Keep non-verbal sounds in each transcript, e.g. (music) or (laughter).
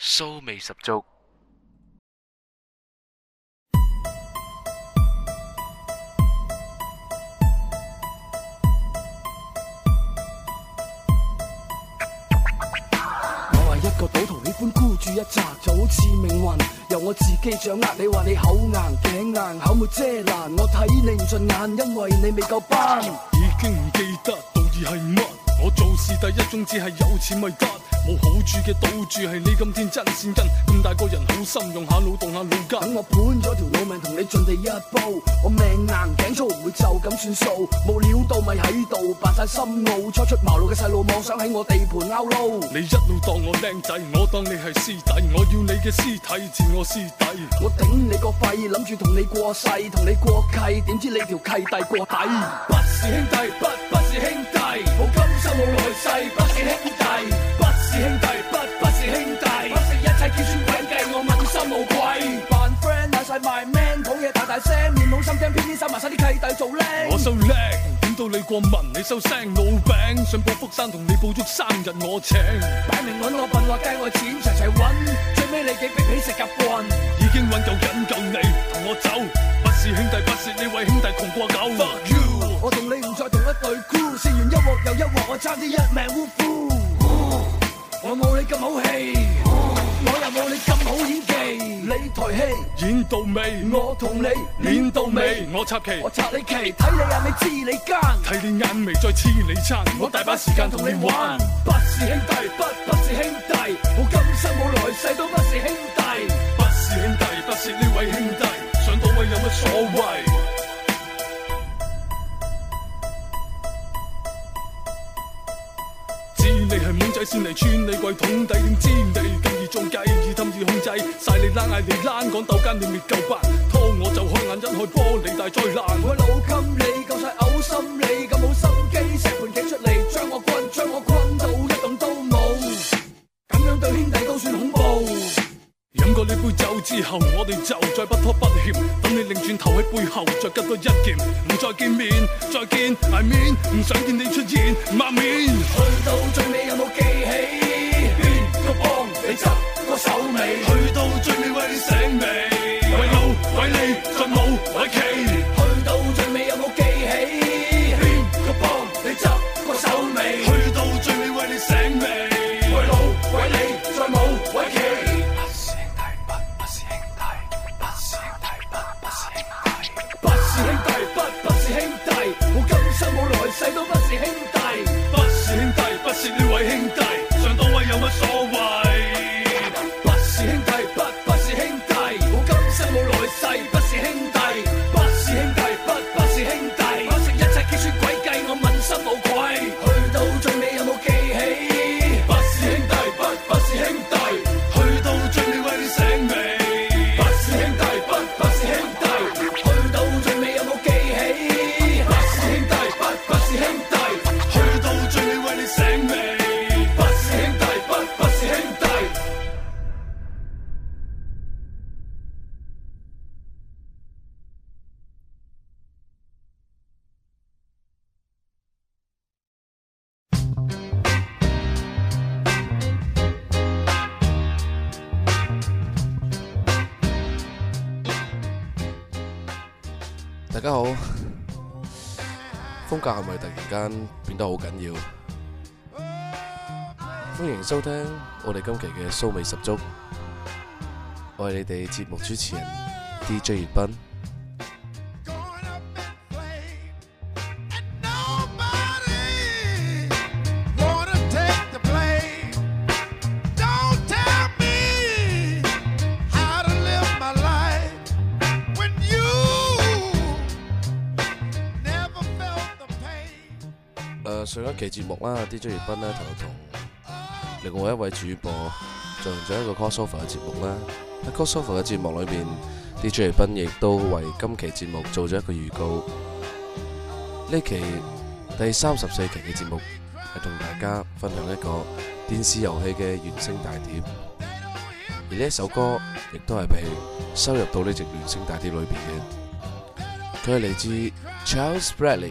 酥味十足。我係一個賭徒，喜歡孤注一擲，就好似命運由我自己掌握。你話你口硬、頸硬、口冇遮攔，我睇你唔順眼，因為你未夠班。已經唔記得道義係乜，我做事第一宗旨係有錢咪得。冇好處嘅賭注係你咁天真先跟，咁大個人好心用下腦動下腦筋，等我判咗條老命同你盡地一煲，我命硬頸粗唔會就咁算數，冇料到咪喺度扮晒深奧，初出，出茅廬嘅細路妄想喺我地盤撈撈。你一路當我僆仔，我當你係師弟，我要你嘅屍體自我師弟，我頂你個肺，諗住同你過世，同你過契，點知你條契弟過底、啊不弟不，不是兄弟不不是兄弟，我今生冇來世不是兄弟。.我收叻，點到你過問？你收聲，老餅。想過福山同你報足三日，我請。擺明揾我笨，話計我錢齊齊揾，最尾你幾逼起食夾棍。已經揾夠忍夠你，同我走。不是兄弟，不是你，為兄弟窮過狗。Fuck you！我同你唔再同一隊。Cool，試完一鑊又一鑊，我差啲一命嗚呼。我冇你咁好氣。我又冇你咁好演技，你台戲演到尾，我同你演到尾，到尾我插旗，我插你旗，睇你阿妹知你奸，提你眼眉再黐你針，我大把時間同你玩不不，不是兄弟，不不是兄弟，我今生冇來世都不是兄弟，不是兄弟，不是呢位兄弟，上到位有乜所謂？ (noise) 知你係懵仔先嚟穿你櫃桶底點知你？仲計易氹易控制，曬你冷嗌你冷，講鬥奸你未夠骨，拖我就開眼一開波，你大災難。我老襟你夠曬嘔心，你咁冇心機，石盤企出嚟將我困，將我困到一動都冇。咁樣對兄弟都算恐怖。飲過呢杯酒之後，我哋就再不拖不欠，等你擰轉頭喺背後再拮多一劍，唔再見面，再見，I mean，唔想見你出現，默面。去到最尾有冇記起？手尾，去到最尾為你醒未？鬼佬鬼你再冇鬼企。去到最尾有冇記起？邊個幫你執個手尾，去到最尾為你醒未？鬼佬鬼你再冇鬼企。不是兄弟，不不是兄弟，不是兄弟，不不是兄弟，不是兄弟，不不是兄弟，我今生冇來世都不是兄弟。大家好，風格係咪突然間變得好緊要？歡迎收聽我哋今期嘅騷味十足，我係你哋節目主持人 DJ 悅斌。期節目啦，DJ 悅斌呢，同同另外一位主播進行咗一個 crossover 嘅節目啦。喺 crossover 嘅節目裏面，DJ 悅斌亦都為今期節目做咗一個預告。呢期第三十四期嘅節目係同大家分享一個電視遊戲嘅原聲大碟，而呢一首歌亦都係被收入到呢隻原聲大碟裏邊嘅，佢係嚟自 Charles Bradley。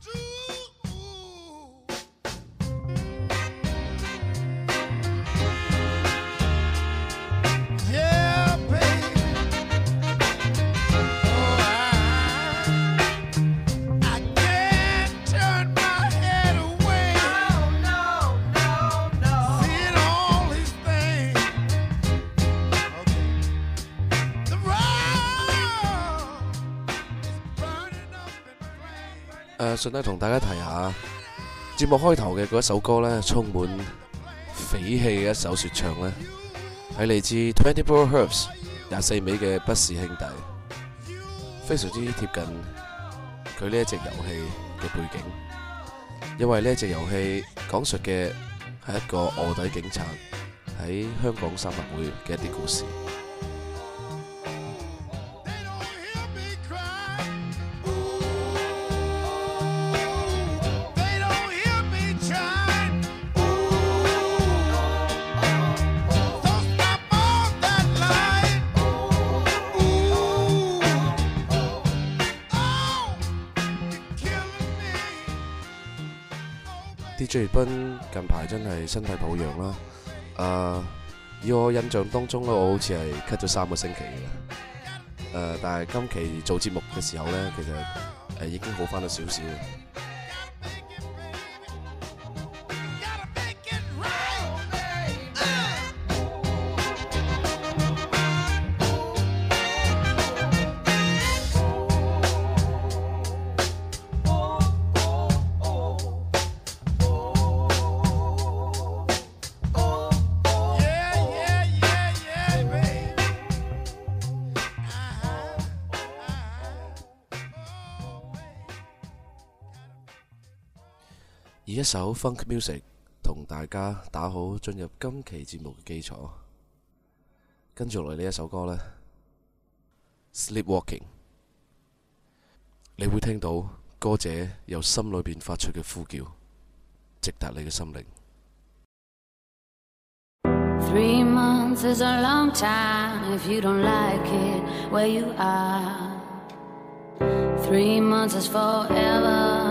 順啦，同大家提下，節目開頭嘅嗰一首歌呢，充滿匪氣嘅一首説唱呢，係嚟自 Twenty Four Herbs 廿四味嘅《不是兄弟》，非常之貼近佢呢一隻遊戲嘅背景，因為呢一隻遊戲講述嘅係一個臥底警察喺香港三合會嘅一啲故事。朱瑞斌近排真係身體抱恙啦，呃，以我印象當中，我好似係咳咗三個星期，呃，但係今期做節目嘅時候呢，其實，呃，已經好返咗少少。一首 funk music 同大家打好進入今期節目嘅基礎，跟住落嚟呢一首歌呢，Sleepwalking，你會聽到歌者由心裏邊發出嘅呼叫，直達你嘅心靈。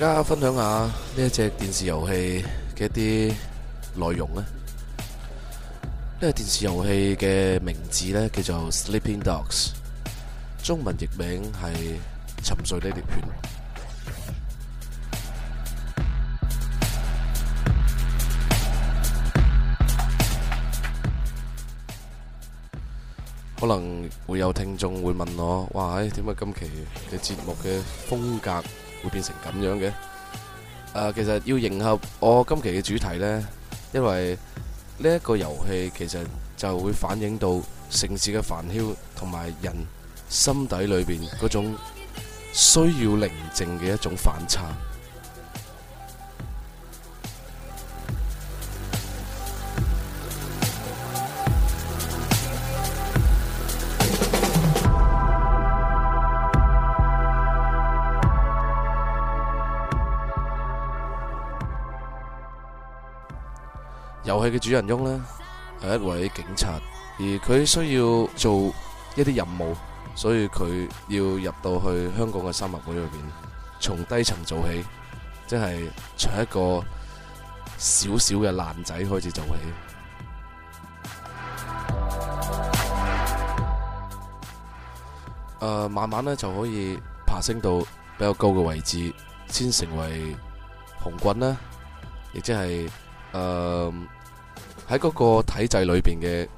大家分享下呢一隻電視遊戲嘅一啲內容咧。呢個電視遊戲嘅名字咧叫做《Sleeping Dogs》，中文譯名係《沉睡的獵犬》。可能會有聽眾會問我：哇，點解今期嘅節目嘅風格會變成咁樣嘅，誒，其實要迎合我今期嘅主題呢，因為呢一個遊戲其實就會反映到城市嘅繁囂同埋人心底裏邊嗰種需要寧靜嘅一種反差。遊戲嘅主人翁呢，係一位警察，而佢需要做一啲任務，所以佢要入到去香港嘅三合會裏邊，從低層做起，即係從一個少少嘅爛仔開始做起。誒、呃，慢慢呢就可以爬升到比較高嘅位置，先成為紅棍啦，亦即係。誒，喺嗰、um, 個體制裏邊嘅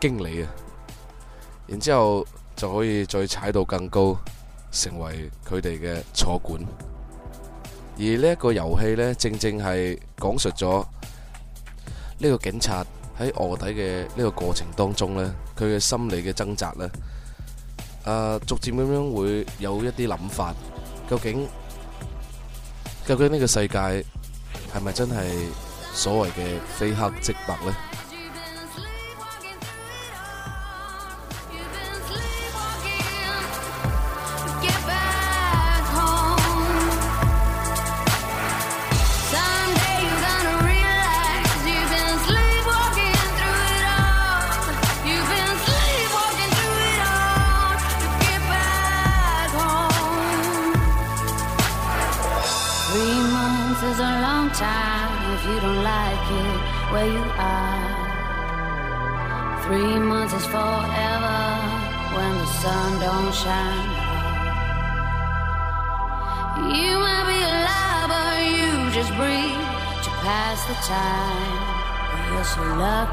經理啊，然之後就可以再踩到更高，成為佢哋嘅坐館。而呢一個遊戲咧，正正係講述咗呢、呢個警察喺臥底嘅呢個過程當中呢，佢嘅心理嘅掙扎呢，啊，逐漸咁樣會有一啲諗法，究竟究竟呢個世界係咪真係？所謂嘅非黑即白咧？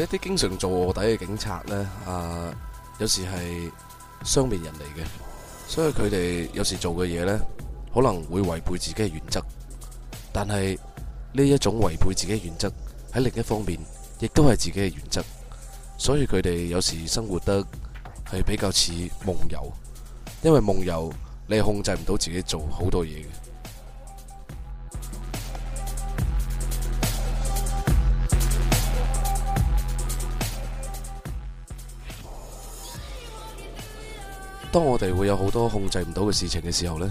一啲經常做卧底嘅警察呢，啊，有時係雙面人嚟嘅，所以佢哋有時做嘅嘢呢，可能會違背自己嘅原則。但係呢一種違背自己嘅原則，喺另一方面亦都係自己嘅原則。所以佢哋有時生活得係比較似夢遊，因為夢遊你係控制唔到自己做好多嘢嘅。當我哋會有好多控制唔到嘅事情嘅時候呢，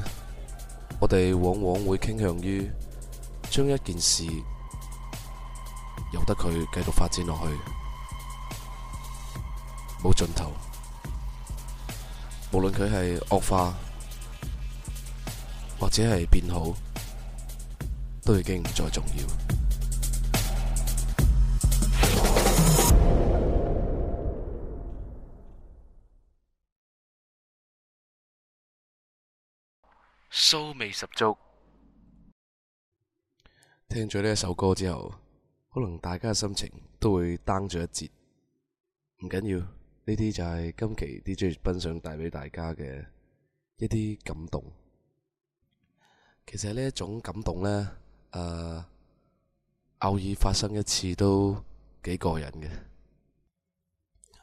我哋往往會傾向於將一件事由得佢繼續發展落去，冇盡頭。無論佢係惡化，或者係變好，都已經唔再重要。騷味十足，聽咗呢一首歌之後，可能大家嘅心情都會 down 咗一截。唔緊要，呢啲就係今期 DJ 分享帶俾大家嘅一啲感動。其實呢一種感動呢，誒、呃，偶爾發生一次都幾過癮嘅。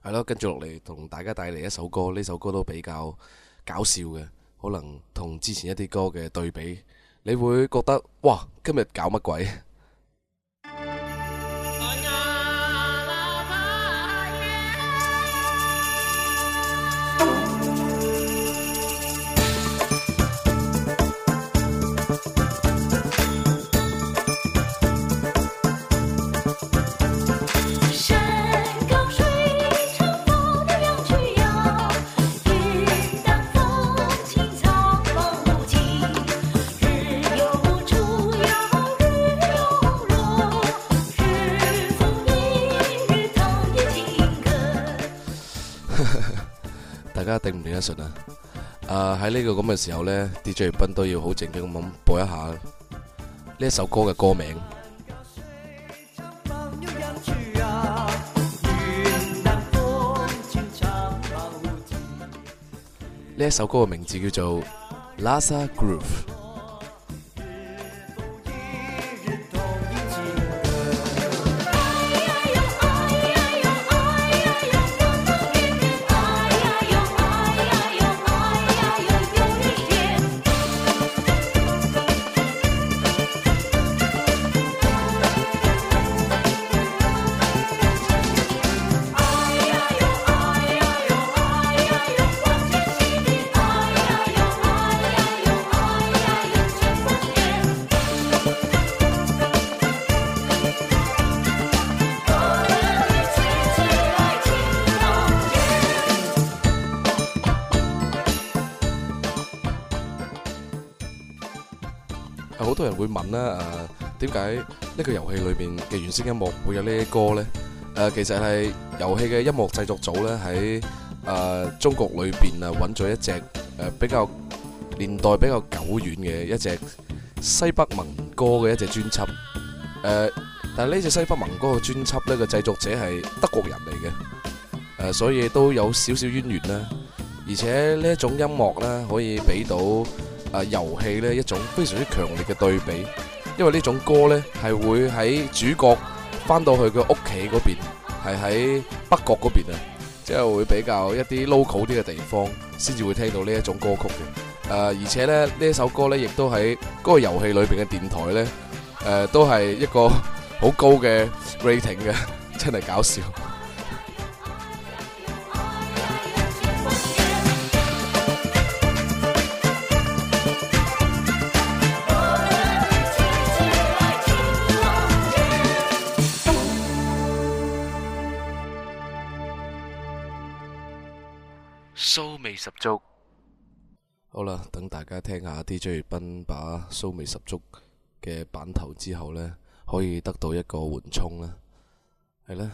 係咯，跟住落嚟同大家帶嚟一首歌，呢首歌都比較搞笑嘅。可能同之前一啲歌嘅對比，你會覺得哇，今日搞乜鬼？頂唔頂得順啊！啊，喺呢個咁嘅時候咧，DJ 斌都要好靜靜咁咁播一下呢一首歌嘅歌名。呢一首歌嘅名字叫做《拉薩 Groove》。會問啦，誒，點解呢個遊戲裏邊嘅原聲音樂會有呢啲歌咧？誒，其實係遊戲嘅音樂製作組咧喺，誒，中國裏邊啊揾，咗一隻誒，比較年代比較久遠嘅一隻西北民歌嘅一隻專輯。誒，但係呢隻西北民歌嘅專輯呢個製作者係德國人嚟嘅，誒，所以都有少少淵源啦。而且呢一種音樂咧，可以俾到。啊，遊戲呢，一種非常之強烈嘅對比，因為呢種歌呢，係會喺主角翻到去佢屋企嗰邊，係喺北角嗰邊啊，即係會比較一啲 local 啲嘅地方，先至會聽到呢一種歌曲嘅。誒、啊，而且呢，呢首歌呢，亦都喺嗰個遊戲裏邊嘅電台呢，誒、啊、都係一個好高嘅 rating 嘅，真係搞笑。好啦，等大家聽下 D J 悅斌把騷味十足嘅版頭之後呢，可以得到一個緩衝啦，係啦。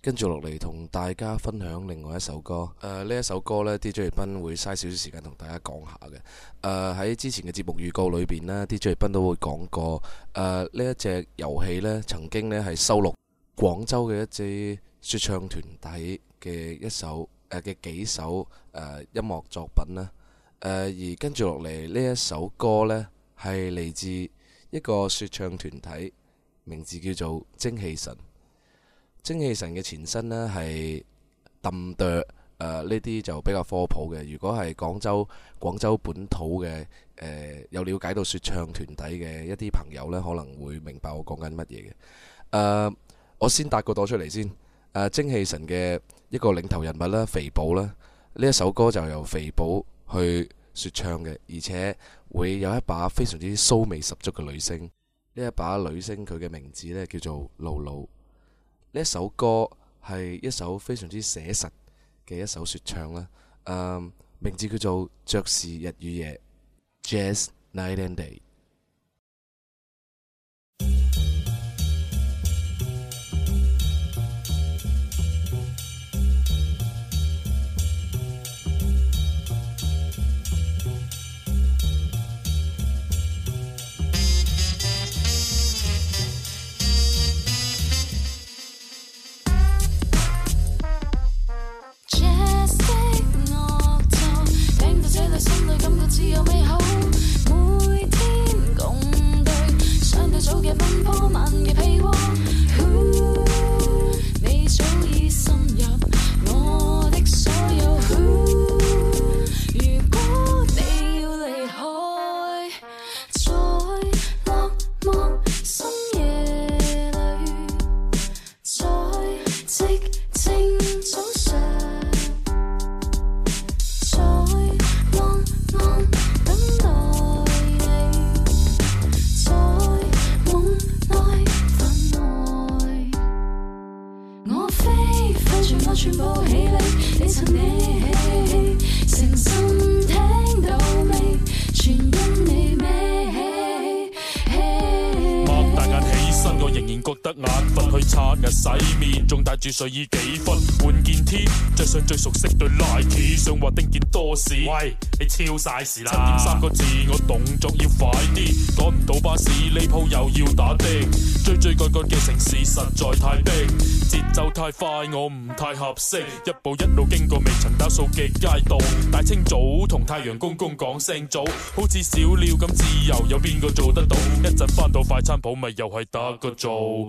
跟住落嚟同大家分享另外一首歌。誒、呃，呢一首歌呢 DJ 悅斌會嘥少少時間同大家講下嘅。誒、呃，喺之前嘅節目預告裏邊呢 DJ 悅斌都會講過。誒、呃，呢一隻遊戲呢，曾經呢係收錄廣州嘅一隻說唱團體嘅一首。誒嘅幾首誒、呃、音樂作品咧，誒、呃、而跟住落嚟呢一首歌呢係嚟自一個説唱團體，名字叫做精氣神。精氣神嘅前身呢係氹跺，呢啲、呃、就比較科普嘅。如果係廣州廣州本土嘅誒、呃、有了解到説唱團體嘅一啲朋友呢，可能會明白我講緊乜嘢嘅。誒、呃，我先搭個朵出嚟先。誒、呃，精氣神嘅一個領頭人物啦，肥寶啦，呢一首歌就由肥寶去説唱嘅，而且會有一把非常之騷味十足嘅女聲，呢一把女聲佢嘅名字呢叫做露露。呢一首歌係一首非常之寫實嘅一首説唱啦，誒，名字叫做爵士日與夜 （Jazz Night and Day）。眼瞓去刷牙洗面，仲帶住睡衣幾分，換件 T，着上最熟悉對 Nike，想話釘件多士，喂，你超晒時啦。七點三個字，我動作要快啲，趕唔到巴士，呢鋪又要打的。追追趕趕嘅城市實在太逼，節奏太快我唔太合適。一步一路經過未曾打掃嘅街道，大清早同太陽公公講聲早，好似小鳥咁自由，有邊個做得到？一陣翻到快餐鋪咪又係得個做。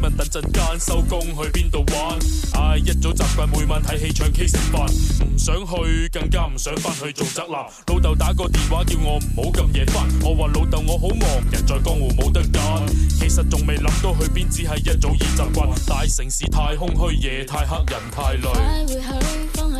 問等陣間收工去邊度玩？唉、啊，一早習慣每晚睇戲唱 K 食飯，唔想去，更加唔想翻去做宅男。老豆打個電話叫我唔好咁夜翻，我話老豆我好忙，人在江湖冇得揀。其實仲未諗到去邊，只係一早已習慣。大城市太空虛，夜太黑，人太累。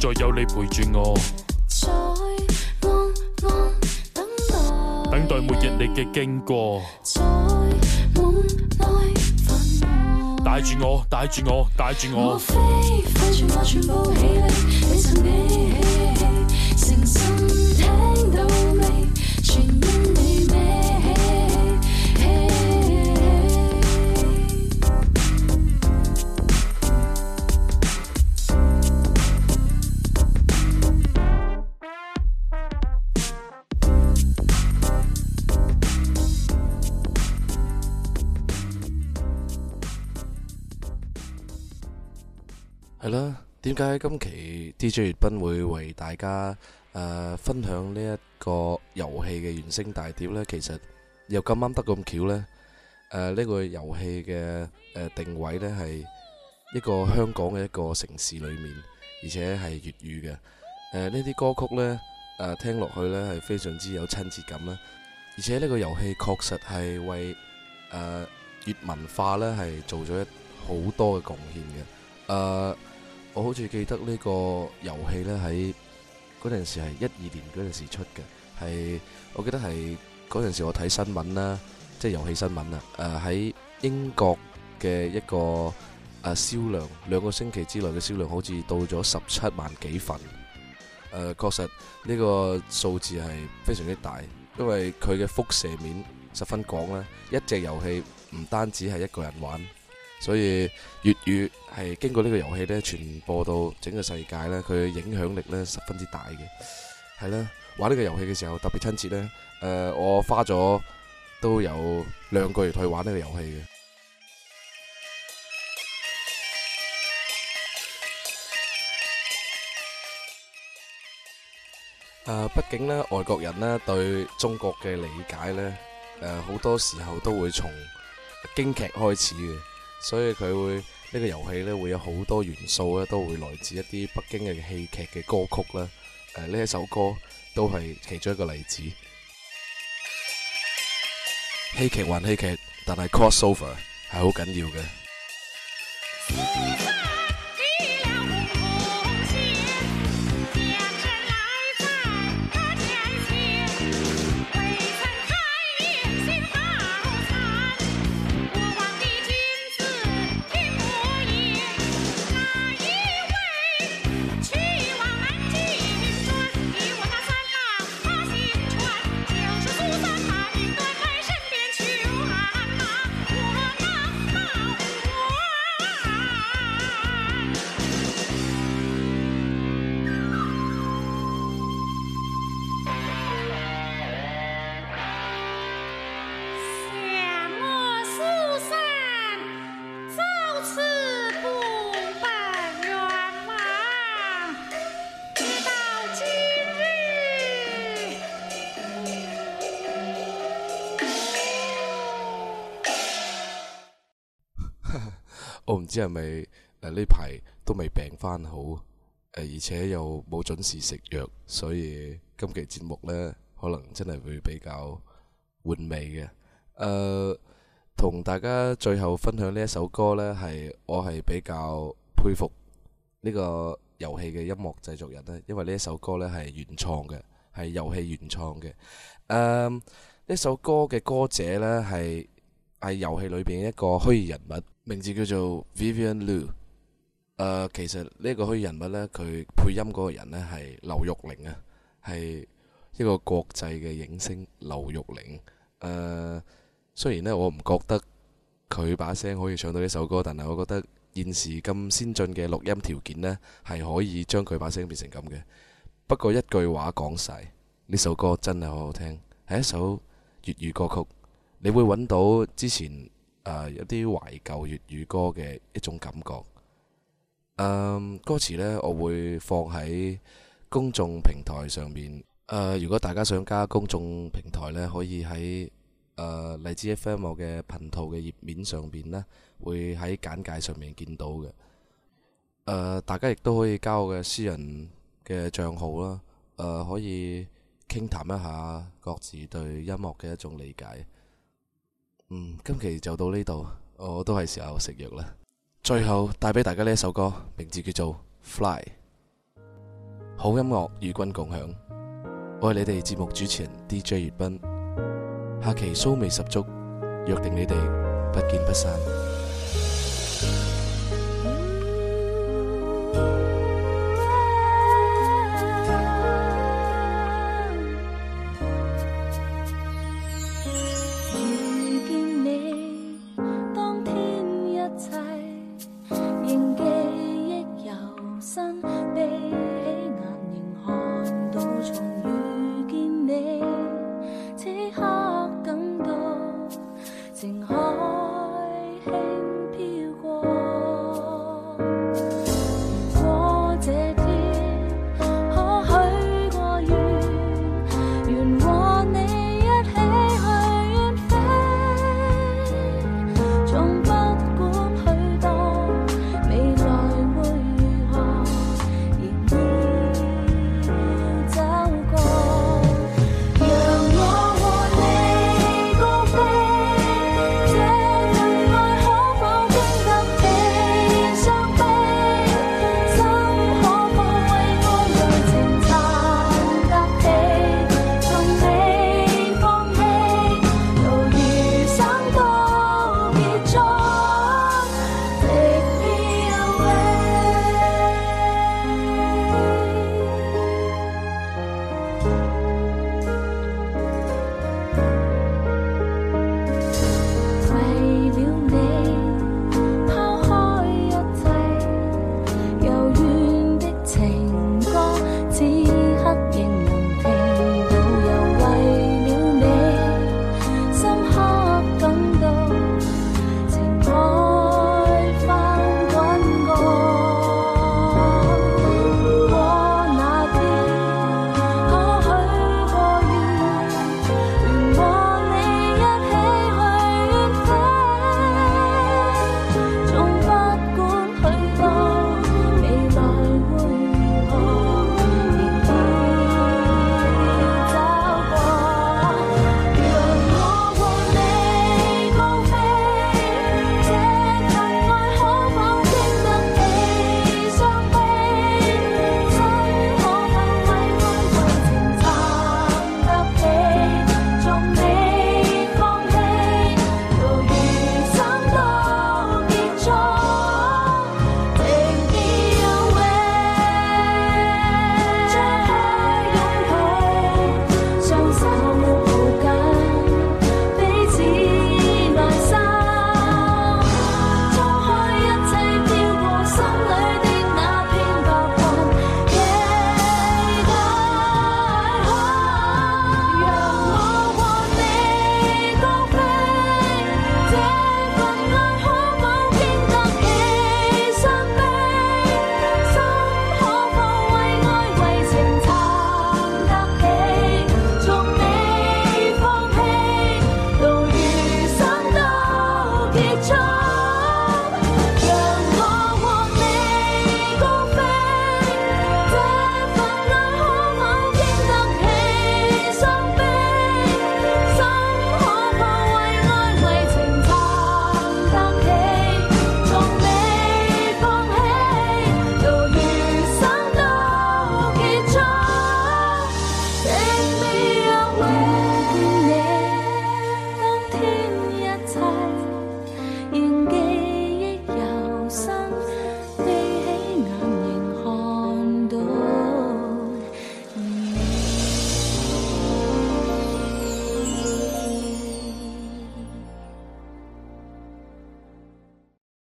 再有你陪住我，我，在等待末日你嘅經過，在夢內困，帶住我帶住我帶住我。 (music) 點解今期 DJ 悅斌會為大家誒分享呢一個遊戲嘅原聲大碟呢？其實又咁啱得咁巧呢誒，呢個遊戲嘅誒定位呢係一個香港嘅一個城市裏面，而且係粵語嘅誒，呢啲歌曲呢誒聽落去呢係非常之有親切感啦。而且呢個遊戲確實係為誒粵文化呢係做咗好多嘅貢獻嘅誒。我好似記得呢個遊戲呢，喺嗰陣時係一二年嗰陣時出嘅，係我記得係嗰陣時我睇新聞啦，即係遊戲新聞啦。誒喺英國嘅一個誒銷量，兩個星期之內嘅銷量好似到咗十七萬幾份。誒，確實呢個數字係非常之大，因為佢嘅輻射面十分廣啦。一隻遊戲唔單止係一個人玩。所以粵語係經過這個遊戲呢個遊戲咧傳播到整個世界咧，佢影響力咧十分之大嘅，係啦。玩呢個遊戲嘅時候特別親切咧。誒、呃，我花咗都有兩個月去玩呢個遊戲嘅。誒、呃，畢竟呢，外國人呢對中國嘅理解呢，誒、呃、好多時候都會從京劇開始嘅。所以佢會呢、呢個遊戲咧，會有好多元素都會來自一啲北京嘅戲劇嘅歌曲啦。呢、呃、一首歌都係其中一個例子。戲劇 (music) 還戲劇，但係 crossover 係好緊要嘅。我唔知係咪？誒呢排都未病返好，誒而且又冇準時食藥，所以今期節目呢，可能真係會比較緩味嘅。誒、呃、同大家最後分享呢一首歌呢，係我係比較佩服呢個遊戲嘅音樂製作人呢，因為呢一首歌呢係原創嘅，係遊戲原創嘅。誒、呃、呢首歌嘅歌者呢，係係遊戲裏邊一個虛擬人物。名字叫做 Vivian Lu，誒，其實呢個虛擬人物咧，佢配音嗰個人咧係劉玉玲啊，係一個國際嘅影星劉玉玲。誒，雖然咧我唔覺得佢把聲可以唱到呢首歌，但係我覺得現時咁先進嘅錄音條件咧，係可以將佢把聲變成咁嘅。不過一句話講晒，呢首歌真係好好聽，係一首粵語歌曲。你會揾到之前。誒、啊，有啲懷舊粵語歌嘅一種感覺。嗯、啊，歌詞呢我會放喺公眾平台上面。誒、啊，如果大家想加公眾平台呢，可以喺誒、啊、荔枝 FM 我嘅頻道嘅頁面上邊呢，會喺簡介上面見到嘅。誒、啊，大家亦都可以加我嘅私人嘅賬號啦。誒、啊，可以傾談一下各自對音樂嘅一種理解。嗯，今期就到呢度，我都係時候食藥啦。最後帶俾大家呢一首歌，名字叫做《Fly》。好音樂與君共享，我係你哋節目主持人 DJ 悅斌。下期騷味十足，約定你哋不見不散。